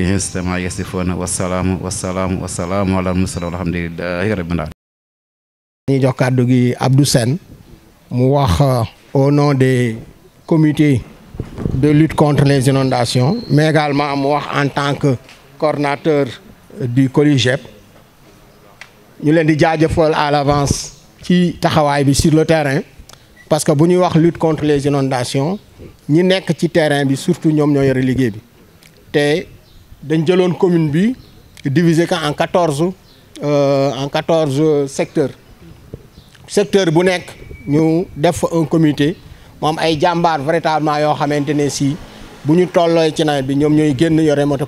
ربهم استمع يصفون والسلام والسلام والسلام على المرسلين والحمد لله رب العالمين ñu jox kàddu gi Abdou Sène mu wax euh, au nom des comités de lutte contre les inondations mais également mu wax en tant que coordinateur du COLIGEP ñu leen di jaajëfal à l'avance ci taxawaay bi sur le terrain parce que bu ñuy wax lutte contre les inondations ñi nekk ci terrain bi surtout ñoom ñoo yore liggéey bi te dañ commune bi diviser ko en euh, en 14 secteurs secteur bu ñu un comité ay véritablement si ci bi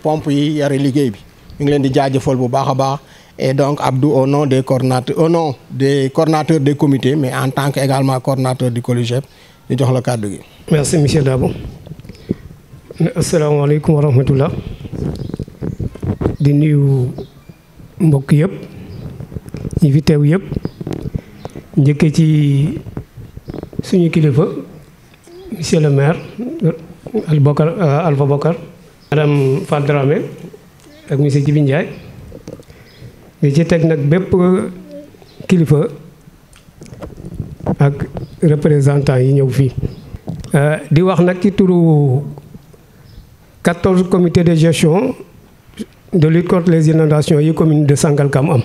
pompe yi bi baax et donc Abdou au nom des coordonnateurs au nom des coordonnateurs des comités mais en tant que également coordonnateur du collège ñu jox la merci monsieur Dabo. asalaamaaleykum wa rahmatullah di nuyu mbokk yëpp ñi fi teew yëpp njëkke ci suñu kilifa monsieur le maire Albocar euh, Alpha Bocar madame Fall ak monsieur Djibi Ndiaye di ci teg nag bépp kilifa ak représentant yi ñëw fii euh, di wax nag ci turu 14 comités de gestion de lutte contre les inondations des communes de Sangalkam am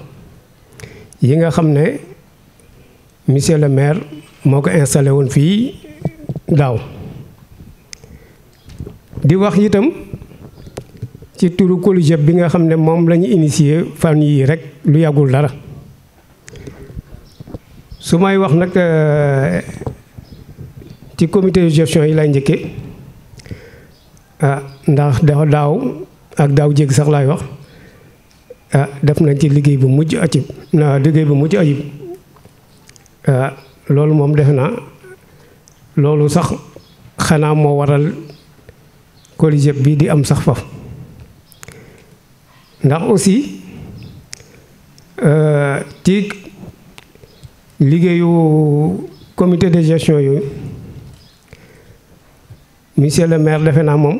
yi nga ne monsieur le maire moo installé woon fii daaw di wax itam ci turu collège bi nga xam ne par la famille. initié fan yii lui a yàggul que su euh, comité de gestion yi lay ah, ndax dafa daaw ak daaw jég sax laay wax ah def nañ ci liggéey bu mujj acib na liggéey bu mujj ayib ah, loolu moom defe naa loolu sax xanaa moo waral collège bi di am sax faf ndax aussi euh, ci liggéeyu commité de gestion yu monsieur le maire defe naa moom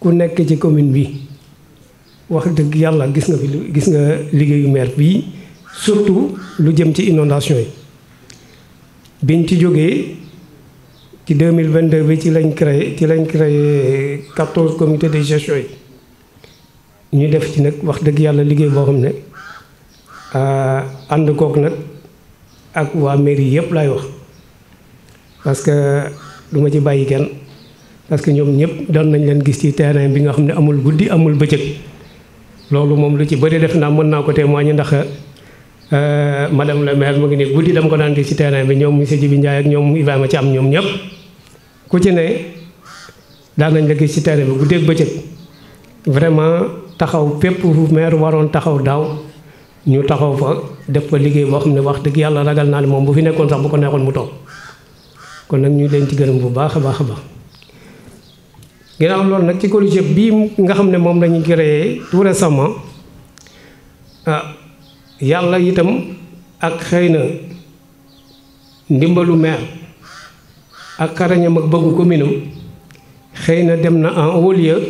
ku nekk ci commune bi wax dëgg yàlla gis nga fi gis nga liggéeyu maire bii surtout lu jëm ci inondation yi biñ ci jógee ci 2022 bi ci lañ créé ci lañ créé 14 comités de gestion yi ñu def ci nag wax dëgg yàlla liggéey boo xam ne ah, ànd kook nag ak waa mairie yëpp laay wax parce que ci bàyyi kenn parce que ñoom ñëpp doon nañ leen gis ci terrain bi nga xam ne amul guddi amul bëccëg loolu moom lu ci bëri def naa mën naa ko témoigner ndax euh, madame le maire mu ngi nii guddi dama ko daan gis ci terrain bi ñoom monsieur Djibi Ndiaye ak ñoom Ibrahima Thiam ñoom ñëpp ku ci ne daan nañ la gis ci terrain bi guddeeg bëccëg vraiment taxaw fépp fu maire waroon taxaw daaw ñu taxaw fa def fa liggéey boo xam ne wax dëgg yàlla ragal naa ne moom bu fi nekkoon sax bu ko neexoon mu toog kon nag ñu leen ci gërëm bu baax a baax ginnaaw loolu nag ci collège bii nga xam ne moom lañu créé tout récemment ah, yàlla itam ak xëy na ndimbalu maire ak xarañam ak bëggu commune xëy na dem na en haut lieu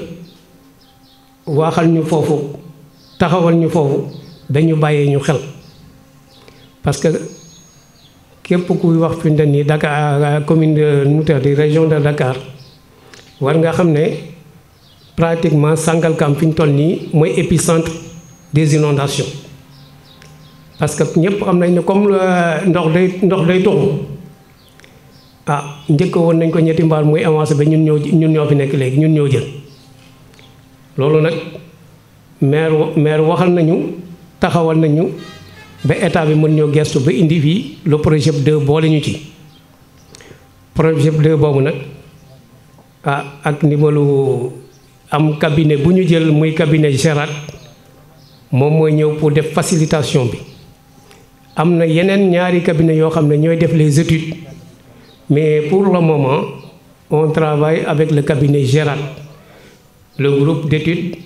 waaxal ñu foofu taxawal ñu foofu dañu bàyyee ñu xel parce que képp kuy wax fi mu ne nii Dakar euh, commune de Nuteel région de Dakar. war nga pratiquement Sangalkam fi ñu des inondations parce que ñëpp xam comme ndox euh, nord ndox day ah njëkk woon nañ ko ñetti ba ñun ñun ñun jël loolu maire maire waxal nañu taxawal nañu ba le projet 2 boole projet 2 boobu avec ah, ak am cabinet bu jël cabinet Gérard moom mooy ñëw pour def facilitation bi am na yeneen ñaari cabinet yoo les études mais pour le moment on travaille avec le cabinet Gérard le groupe d'études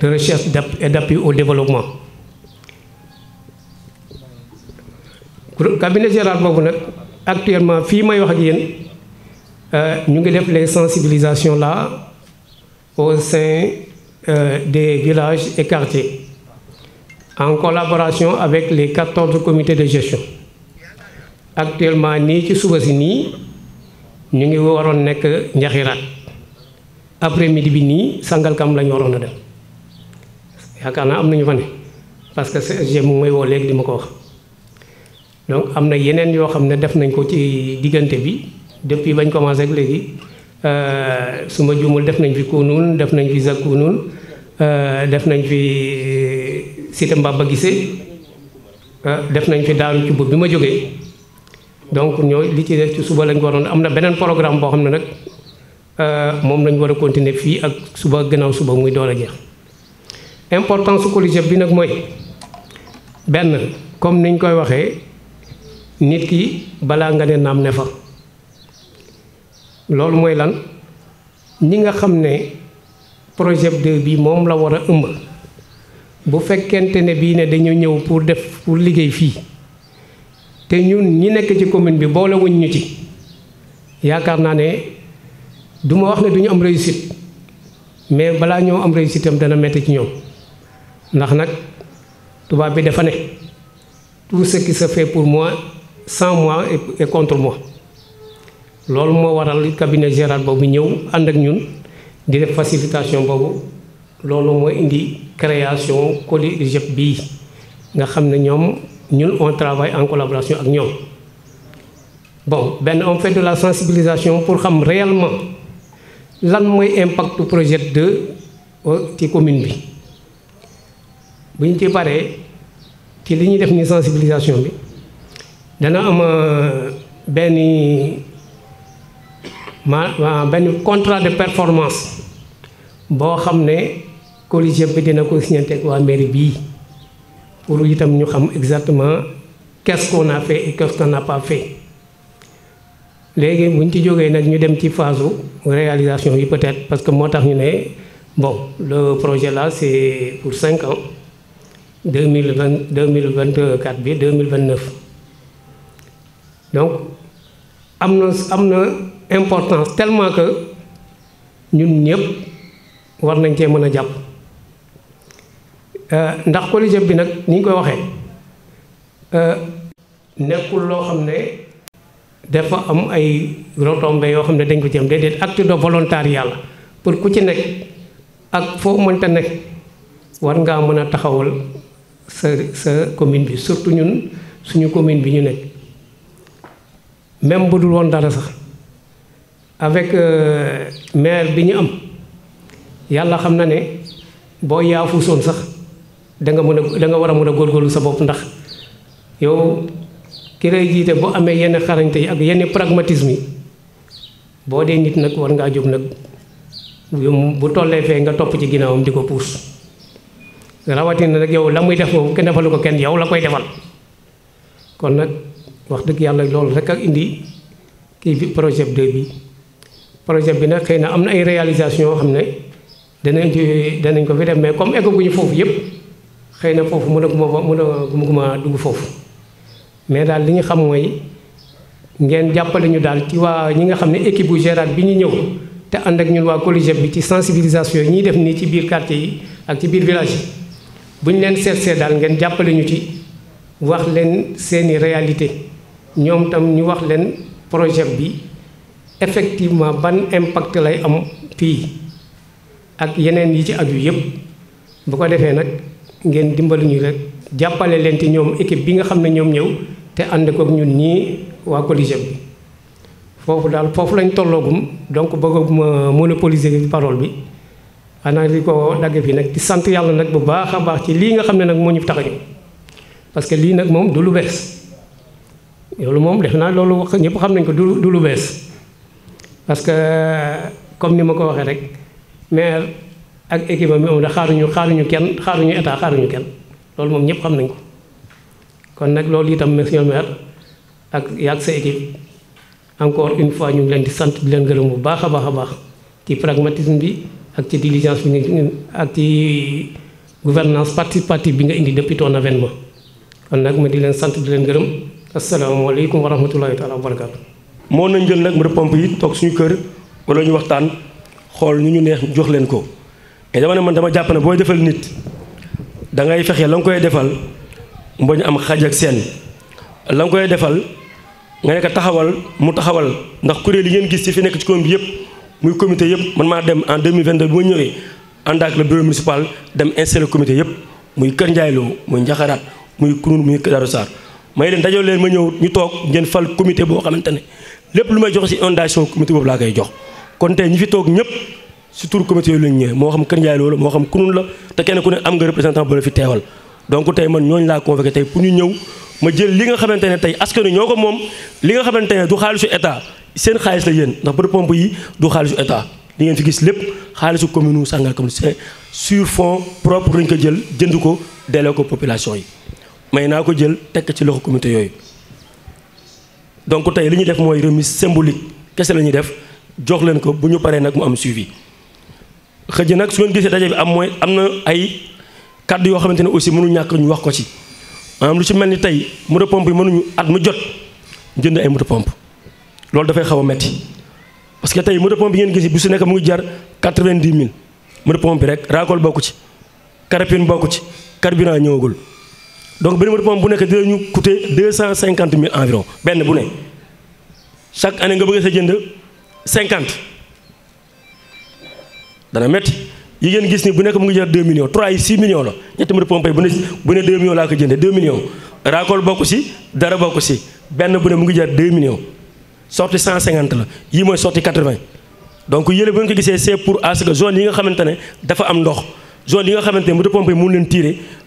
de recherche et d'appui au développement cabinet Gérard boobu nag actuellement fii may wax ak yéen euh, nous avons fait les sensibilisations là au sein euh, des villages et quartiers en collaboration avec les 14 comités de gestion actuellement nous sommes suba si nii ñu ngi waroon après midi nous avons sangalkam la ñu de a dem parce que j'ai mon may de mon corps. ma ko wax donc nous avons fait yoo xam depuis bañ commencé ak légui euh suma jumul def nañ fi kunun def nañ fi zakunun euh, def nañ fi euh, cité mbaba gisee euh, def nañ fi daaru ci bub bima joggé donc ñoo li ci def ci suba lañ waroon am na beneen programme bo xamné nak euh mom lañ wara continuer fi ak suba gënaaw suba muy door jeex importance collège bi nak moy ben comme niñ koy waxé nit ki bala nga né nam loolu mooy lan ñi nga xam ne projet 2 bi moom la war a ëmb bu fekkente ne bii ne dañu ñëw pour def pour liggéey fii te ñun ñi nekk ci commune bi boole wuñ ñu ci yaakaar naa ne du ma wax ne duñu am réussite mais balaa ñoo am réussite am dana metti ci ñoom ndax nag tubaab bi dafa ne tout ce qui se fait pour mois sans moi et contre moi loolu moo waral cabinet général boobu ñëw ànd ak ñun di def facilitation boobu loolu moo indi création collège bii nga xam ne ñoom ñun on travaille en collaboration ak ñoom bon benn on fait la sensibilisation pour xam réellement lan mooy impact projet de euh, ci commune bi bu ñu ci paree ci li ñuy def ni sensibilisation bi dana am euh, benn ma ben contrat de performance bo xamné ne collégien bi dina ko signante ak waa mairie bi pour itam ñu xam exactement qu'est-ce qu'on a fait et qu'est-ce qu'on n'a pas fait légui bu ci joggé nak ñu dem ci phase réalisation yi peut-être parce que motax ñu né bon le projet là c'est pour cinq ans 2020 2024 bi 2029 donc amna amna important tellement que ñun ñëpp war nañ cee mën a jàpp euh, ndax colligé bi nag ni ñu koy waxee euh, nekkul loo xam ne dafa am ay retombées yoo xam ne dañ ko ci am déedéet acte de volontariat yàlla pour ku ci nekk ak foo mënta nekk war ngaa mën a taxawal sa sa commune bi surtout ñun suñu commune bi ñu nekk même bu dul woon dara sax avec euh, maire bi ñu am yàlla xam bo ya boo yaafuusoon sax da nga mëna da nga wara mëna mën a sa bop ndax yow ki lay jité bo amé yenn xarañté ak yenn pragmatisme bo dé nit nak war ngaa jóg nag bu tollé fé nga top ci ginaawum di ko rawati na nak yow lamuy def ko kenn defalu ko yow la koy defal kon nak wax deug yalla lool rek ak indi ki bi projet 2 bi projet bi nag xëy na am na ay réalisation yoo xam ne danañ danañ ko fi def mais comme eggaguñu foofu yëpp xëy na foofu mënaguma fa mënaguma dugg foofu mais daal li ñu xam mooy ngeen jàppale ñu daal ci waa ñi nga xam ne équipe bu Gérard bi ñu ñëw te ànd ak ñun waa collège bi ci sensibilisation yi ñuy def nii ci biir quartier yi ak ci biir village yi bu ñu leen seetsee daal ngeen jàppale ñu ci wax leen seeni réalité ñoom tam ñu wax leen projet bi effectivement ban impact lay am fi ak yeneen yi ci aju yëpp bu ko defee nag ngeen dimbali ñu rek jàppale leen ci ñoom équipe bi nga xam ne ñoom ñëw te ànd kook ñun ñii waa collision bi foofu daal foofu lañ tolloogum donc bëgguma monopoliser parole bi xanaa di ko dagge fi nag di sant yàlla nag bu baax a baax ci lii nga xam ne nag moo ñu tax parce que lii nag moom du lu bees loolu moom def naa loolu wax ñëpp xam nañ ko du du lu bees parce que comme ni ma ko waxee rek maire ak équipe mi moom da xaaruñu xaaruñu kenn xaaruñu état xaaruñu kenn lolou mom ñëpp xam nañ ko kon nak lolou itam monsieur maire ak yak sa équipe encore une fois ñu leen di sante di leen gërëm bu baaxa baaxa baax ci pragmatisme bi ak ci diligence bi nga ak ci gouvernance participative bi nga indi depuis ton avènement kon nak ma di leen sant di leen assalamu alaykum wa rahmatullahi taala wa barakatuh mo nañ jël nak moto pompe yi tok suñu kër wala ñu waxtaan xol ñu ñu neex jox leen ko et dama ne man dama japp na boy defal nit da ngay fexé lang koy defal mbañ am xaj ak sen lang koy defal nga nek taxawal mu taxawal ndax kuréel yi ngeen gis ci fi nek ci commune yépp muy comité yépp man ma dem en 2022 bu ñëwé andak le bureau municipal dem installé comité yépp muy Kër Ndiaye muy Njaxaraat muy Kunun muy kadarusar may leen dajol leen ma ñëw ñu tok ngeen fal comité bo xamantene lépp lu may joxe si inondation comité boobu laa koy jox kon tey ñi fi toog ñëpp si tur comité yooyu lañ ñëwee moo xam Kër Ndiaye loolu moo xam kunun la te kenn ku ne am nga représentant bu la fi teewal donc tey man ñooñu laa convoqué tey pour ñu ñëw ma jël li nga xamante ne tey askan wi ñoo ko moom li nga xamante ne du xaalisu état seen xaalis la yéen ndax bërëb pompe yi du xaalisu état li ngeen fi gis lépp xaalisu commune u Sangalkam c'est sur fonds propre lañ ko jël jënd ko delloo ko population yi may naa ko jël tekk ci loxo comité yooyu donc tey li ñu def mooy remise symbolique kese la ñuy def jox leen ko bu ñu paree nag mu am suivi xëj nag su ngeen gisee daje bi am mooy am na ay kàddu yoo xamante ne aussi mënu ñàkk ñu wax ko ci maanaam lu ci mel ni tey moto pompe yi mënuñu at mu jot jënd ay moto pompe loolu dafay xaw a metti parce que tey moto pompe yi ngeen gis bu su nekk mu ngi jar quatre-vingt-dix mille moto pompe bi rek récolte bokku ci carapine bokku ci carburant ñëwagul. donc nous avons pompe bu Ben coûter année, environ Ben bu chaque année nga bëgg sa jënd millions. yi ngeen millions trois et six millions la nous pompe millions ko que deux millions dit que millions sorti avons la nous donc dit que ko dit c'est pour que zone yi nga dafa am ndox zone yi nga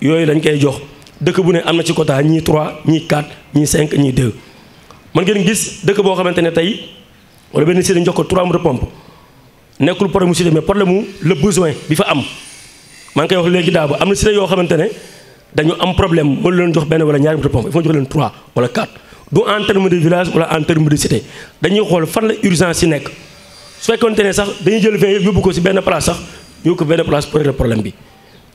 yooyu lañ koy jox dëkk bu ne am na ci quota ñii 3 ñii 4 ñii 5 ñii 2. man ngeen gis dëkk boo xamante ne tey wala benn si dañ jox ko 3 moto pompe nekkul problème mu mais problème mu le besoin bi fa am maa ngi koy wax léegi daaw am na si yoo xamante ne dañu am problème mënu leen jox benn wala ñaari moto pompe il faut jox leen 3 wala 4. du en de village wala en terme de cité dañuy xool fan la urgence yi nekk su ne sax dañuy jël vingt ko si benn place sax yóbbu ko bi.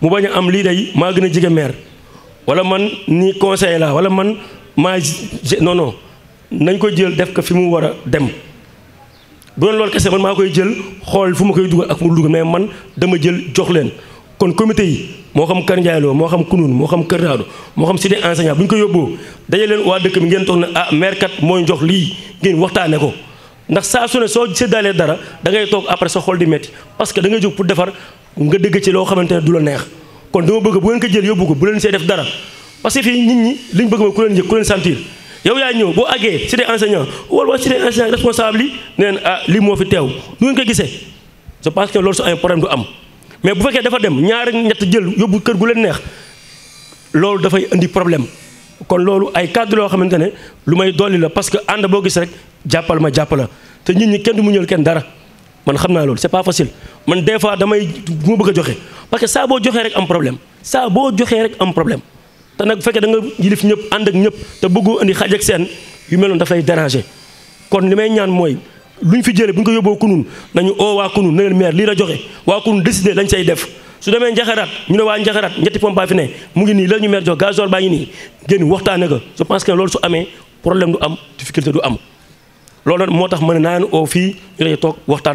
mu baña am li day ma ni a mer wala man ni conseil la wala man ma non non nañ ko jël def ko fi mu wara dem bu doon loolu kese man ma koy jël xol fu ma koy duggal ak mu duggal mais man dama jël jox len kon comité yi mo xam kan jaylo Lo xam Kunun mo xam Kër mo xam sidi enseignant buñ ko yobbo dajé len wa dëkk bi ngeen toog ne ah mer kat moy jox li ngeen waxtane ko ndax sa suné so ci dalé dara da ngay tok après sa xol di metti parce que da ngay jox pour defar nga dégg ci loo xamante ne du la neex kon dama bëgg bu ngeen ko jël yóbbu ko bu leen see def dara parce que fii nit ñi liñ bëgg mooy ku leen yëg ku leen sentir yow yaa ñëw boo àggee cité enseignant wala waa cité enseignant responsable yi ne leen ah lii moo fi teew nu ngeen ko gisee je pense que loolu su amee problème du am mais bu fekkee dafa dem ñaar ñett jël yóbbu kër gu leen neex loolu dafay indi problème kon loolu ay cadre loo xamante ne lu may dolli la parce que ànd boo gis rek jàppal ma jàppala te nit ñi kenn du mu ñël kenn dara man xamna naa c'est pas facile man des fois damay mo parce que sa bo rek am problème sa bo rek am problème te nak bu da nga yilif ñëpp and ak ñëpp te bëggu andi xaj ak sen yu mel noonu daf déranger kon limay ñaan moy luñ fi jëlé buñ ko kunun nañu o wa kunun na ngeen maire li la joxe waa kunun décider lañ cey def su démé njaxarat ñu né wa njaxarat ñetti pompe baa fi né mu ngi ni lañu maire jox gasoil problem ngi ni gën waxtané ga je pense que su amé problème du am difficulté du am loolu motax moo tax o fi naa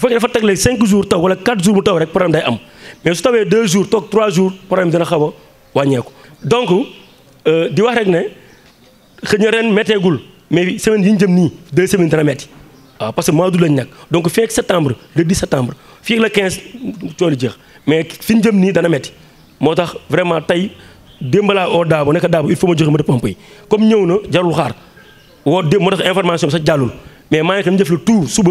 faut que dafa teg 5 jours taw wala 4 jours mu taw rek problème day am mais su tawee 2 jours toog 3 jours problème dina xaba a wàññeeku. donc euh, di wax rek né xëñu na ren métteegul mais semaine yi ñu jëm ni 2 semaines dina métti parce que mois d'août lañ nekk donc fek septembre le 10 septembre fek le 15 coono jeex mais fiñ jëm ni dana métti moo tax vraiment tey démb laa oo daabu nekk daabu il faut ma joxe ma de pompe yi comme ñëw na jarul xaar wo dem motax information sa sax mais ma ngi xam def le tour suba.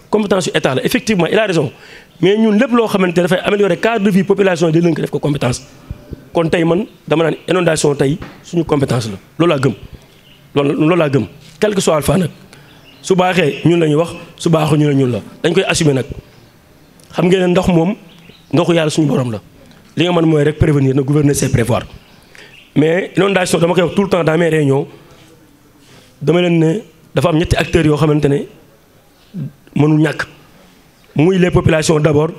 compétence étale, état effectivement il a raison mais nous devons améliorer le améliorer cadre de vie population la population de ko compétence kon tay man dama suñu compétence quel que soit alpha nak su baaxee ñun lañu wax su baaxu ñu la dañ koy assumer ndox nous prévenir na gouverner c'est prévoir mais l'inondation, dama tout le temps dans mes réunions dama leen né dafa acteurs nous avons les populations d'abord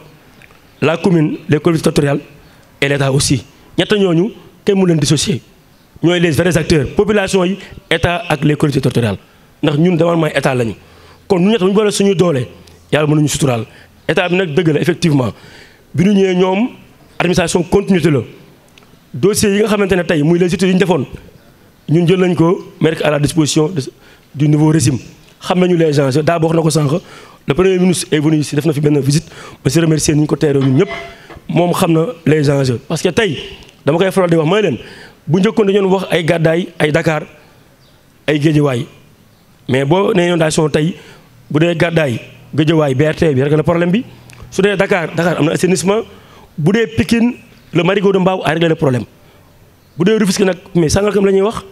la commune les collectivités territoriales et l'État aussi Nous ñooñu kenn mu leen dissocier les vrais acteurs population État ak les collectivités territoriales Nous ñun États. État lañu kon ñu avons les États. Nous effectivement Nous avons les administration Le dossier les nous mettre à la disposition du nouveau régime xam nañu les enjeux daa wax na ko sànq le premier ministre est venu ici def na fi benn visite ma si remercier ni ko teeroo ñun ñëpp moom xam na les enjeux. parce que tey dama koy faral di wax mooy leen bu njëkkoon dañu wax ay gàddaay ay dakaar ay géejewaay mais boo nee inondation tey bu dee gàddaay géejewaay BRT bi rek la problème bi su dee dakaar Dakar am na assainissement bu dee Pikine le marigot de Mbao a réglé le problème bu dee Rufisque nag mais Sangalkam la ñuy wax.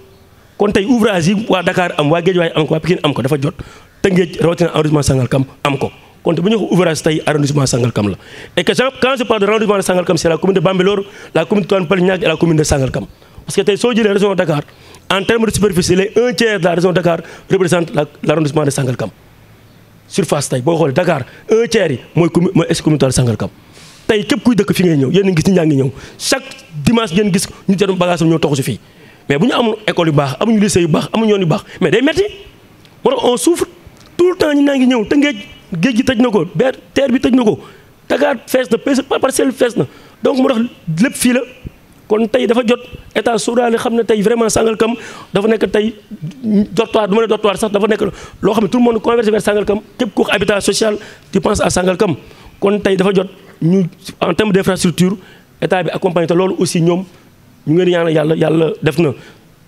kon tey ouvrage yi waa Dakar am waa Guédiawaye am ko waa Pikine am ko dafa jot Tëngéej rawatina arrondissement Sangalkam am ko kon bu ñu ko tey arrondissement Sangalkam la et tey boo xoolee dakaar un tiers mooy commune mooy ex communauté de Sangalkam tey képp kuy dëkk fi ngay ñëw yéen a ngi nit ñaa ngi ñëw chaque dimanche ngeen gis ñu jël bagage ñoo toxu si fii mais buñu ñu amul école yu bax amuñu lycée yu bax amuñu yoon yu bax mais day metti war on souffre tout temps ñi nangi ñew te ngeej geej gi tëj na ko ber terre bi tëj na ko Dakar fees na parcelle fees na donc mu tax lepp fi la kon tay dafa jot état sóoraale xamne tay vraiment sangal kam dafa nek tay dortoir du ma ne dortoir sax dafa nek lo xamne tout le monde converge vers sangal kam kep ko habitat social tu penses à sangal kam kon tay dafa jot ñu en terme d'infrastructure état bi accompagner te loolu aussi ñom Nous ngi ñaanal yalla yalla def na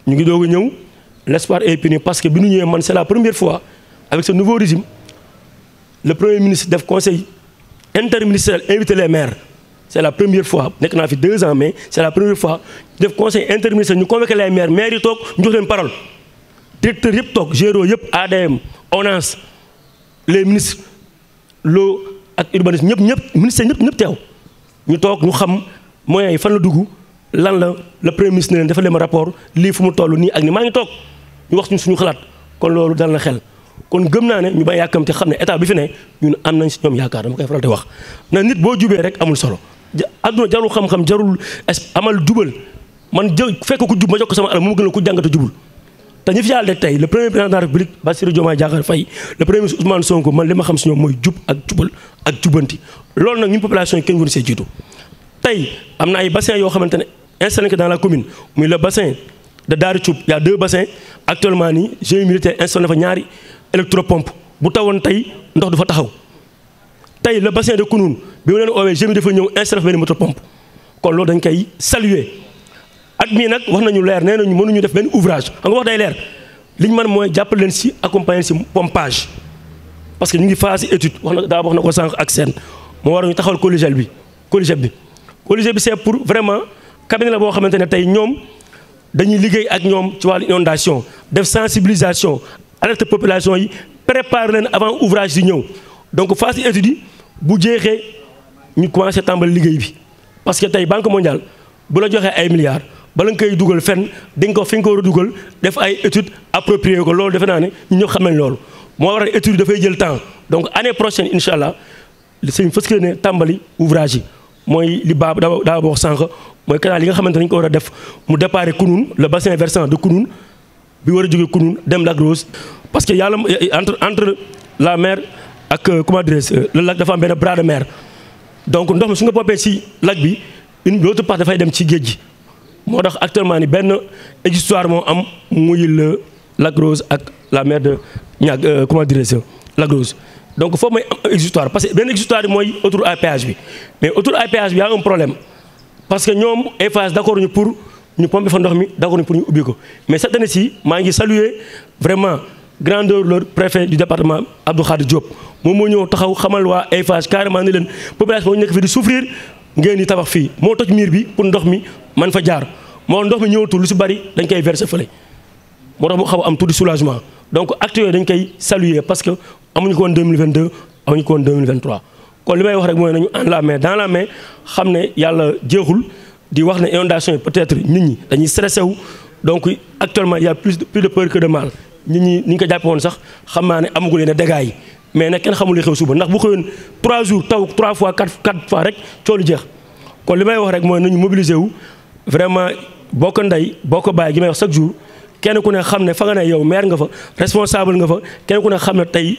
ñu l'espoir est puni parce que c'est la première fois avec ce nouveau régime le premier ministre def conseil interministériel inviter les maires c'est la première fois nous na fi deux ans mais c'est la première fois def conseil interministériel ñu convoquer les maires maires tok ñu jox leen parole directeur yep tok géro les ADM les ministres l'eau ak urbanisme ñëpp ñëpp ministère ñëpp ñëpp tew ñu tok ñu xam moyens yi fan la dugg lan la le premier ministre ne leen dafa ma rapport lii fu mu toll nii ak ni maa ngi toog ñu wax suñu xalaat kon loolu dal na xel kon gëm naa ne ñu ba yàkkamte xam ne état bi fi ne ñun am nañ si ñoom yaakaar dama koy faral di wax na nit boo jubee rek amul solo àdduna jarul xam-xam jarul amal jubal man jë fekk ku jub ma jokk sama alal mu gën a ku jàngata jubul te ñi fi de tey la république Bassirou Diomaye Diakhar Faye le premier ministre Ousmane Sonko man li ma xam si ñoom mooy jub ak jubal ak jubanti loolu nag ñun population yi kenn waru see jiitu tey am na ay bassin yoo xamante ne installé que dans la commune muy le bassin de Daaru il y a deux bassins actuellement j'ai génie militaire installé fa ñaari électropompe bu tawoon tey ndox du fa taxaw tey le bassin de Kounoune bi mu leen oowee j'ai dafa ñëw installé fa benn moto pompe kon loolu dañ koy saluer at mii nag wax nañu leer nee nañu mënuñu def benn ouvrage xam nga wax day leer li ñu mën mooy jàppale leen accompagner si pompage parce que ñu ngi phase étude wax na daa wax na ko sànq ak seen moo waral ñu taxawal collégial bi collégial bi collégial bi c'est pour vraiment cabinet la bo xamante tay ñom dañuy liggéey ak ñom ci wal inondation def sensibilisation alerte population yi prépare avant ouvrage di ñew donc face étude bu jeexee ñu commencé tambal liggéey bi parce que tay banque mondiale bu la joxé ay milliards ba nga koy duggal fenn di ko fiñ ko war def ay études approprié ko loolu defe naa ne ñu ñëpp xam nañ loolu moo waral étude dafay jël temps donc année prochaine incha allah suñ fas yéene tàmbali ouvrage yi mooy li baa daa daa wax sànq moy canal li nga xamanteni ne ko wara def mu déparé Kounoune le bassin versant de kunun bi wara a jógee dem Lac Rose parce que yalla entre entre la mer ak euh, comment dire je euh, le lac dafa am benn bras de mer donc ndox mi su nga popé ci lac bi une l'autre part fay dem ci géej gi moo actuellement ni ben histoire mo am muy le Lac Rose ak la mer de ñaag euh, comment dire ça Lac Rose donc faut mooy am histoire parce que ben histoire moy autour à bi mais autour à bi y a un problème parce que nous sommes d' d'accord ñu pour ñu pomper fa ndox mi ñu pour ñu ubbi mais cette année ci maa ngi saluer vraiment grandeur le préfet du département Abdou Khadir Diop moom mo ñëw taxaw xamal waa Eiffage carrément ni len population ñu nekk fi di souffrir ngeen di tabax fi mo toj mur bi pour ndox mi man fa jaar mo ndox mi ñëwatul lu ci bari dañ koy verser fële mo tax mu xaw am tuuti soulagement donc actuel yooyu dañ koy saluer parce que amuñ ko en 2022 amuñ ko en 2023 kon limay wax rek moy nañu en la main dans la main xamné yalla yàlla di wax né inondation peut-être nit ñi dañuy stressé wu donc actuellement il y a plus de plus de peur que de mal nit ñi ni ñu ko jàppe woon sax xam naa ne amagu leen dégâts yi mais né kenn xamul li xew suba ndax bu xewon 3 jours taw 3 fois 4 4 fois rek ciolu jeex kon limay wax rek moy nañu mobiliser wu vraiment boko nday boko boo gi may wax chaque jour kenn ku ne xam fa nga ne yow maire nga fa responsable nga fa kenn ku ne xam tay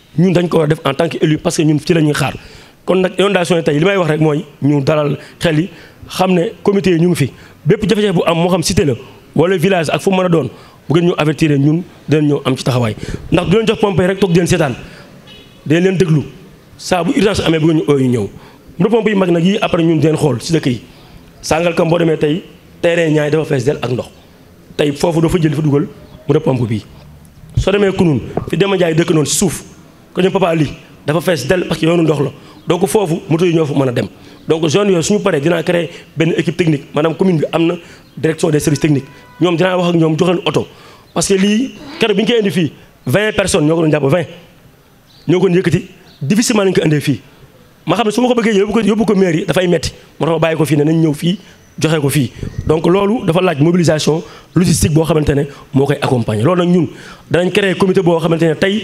ñun dañ ko war a def en tant que élu parce que ñun ci la ñuy xaar kon nag inondation yi tey li may wax rek mooy ñu dalal xel yi xam ne comité ñu ngi fi bépp jafe-jafe bu am moo xam cité la wala village ak fu mën a doon bu ngeen ñu avertir ñun dinañ ñëw am ci taxawaay ndax du leen jox pompe rek toog di leen seetaan dañ leen déglu saa bu urgence amee bu ngeen ñu ooyu ñëw mu pompe yi mag nag yi après ñun deen xool si dëkk yi sàngal kam boo demee tey terrain ñaay dafa fees del ak ndox tey foofu dafa jël dafa dugal mu pompe bi soo demee kunun fi dema jaay dëkk noonu si suuf ko ñoom papa lii dafa fess del parce que yoonu ndoxlo donc fofu moto yi ñofu mëna dem donc zone yo suñu paré dina créer ben équipe technique maanaam commune bi amna direction des services techniques ñom dina wax ak ñom jox auto parce que li kéro bi ko indi fi 20 personnes ñoko ñap 20 ñoko ñëkëti difficilement lañu ko indee fi ma xam ne ko bëggee yobu ko yóbbu ko maire da fay metti mo tax bayiko fi né nañ ñëw fi joxé ko fi donc lolu dafa laaj mobilisation logistique bo xamantene mo koy accompagner lolu nak ñun danañ créer comité bo xamantene tay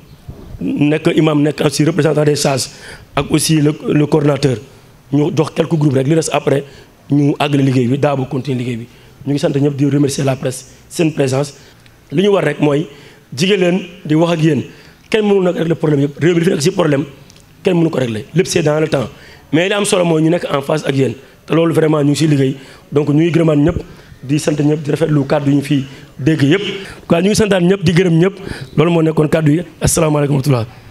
nek imam nekk aussi représentant des sages ak aussi le le coordonnateur ñu dox quelques groupes rek li reste après ñu àggale liguey bi daa bu continuer liguey bi ñu ngi sant ñep di remercier la presse sen présence. li ñu war rek moy jigéen leen di wax ak yeen kenn mënu nag régler problème yëpp réew mi dafa nekk ci problème kenn mënu ko régler lépp c'est dans le temps mais li am solo mooy ñu nek en face ak yeen té lolu vraiment ñu ci liguey donc ñuy ngi ñep di sant ñëpp di rafetlu kàddu yi ñu fi dégg yëpp. kaa ñu ngi santaan ñëpp di gërëm ñëpp loolu moo nekkoon kàddu yi asalaamaaleykum wa rahmatulah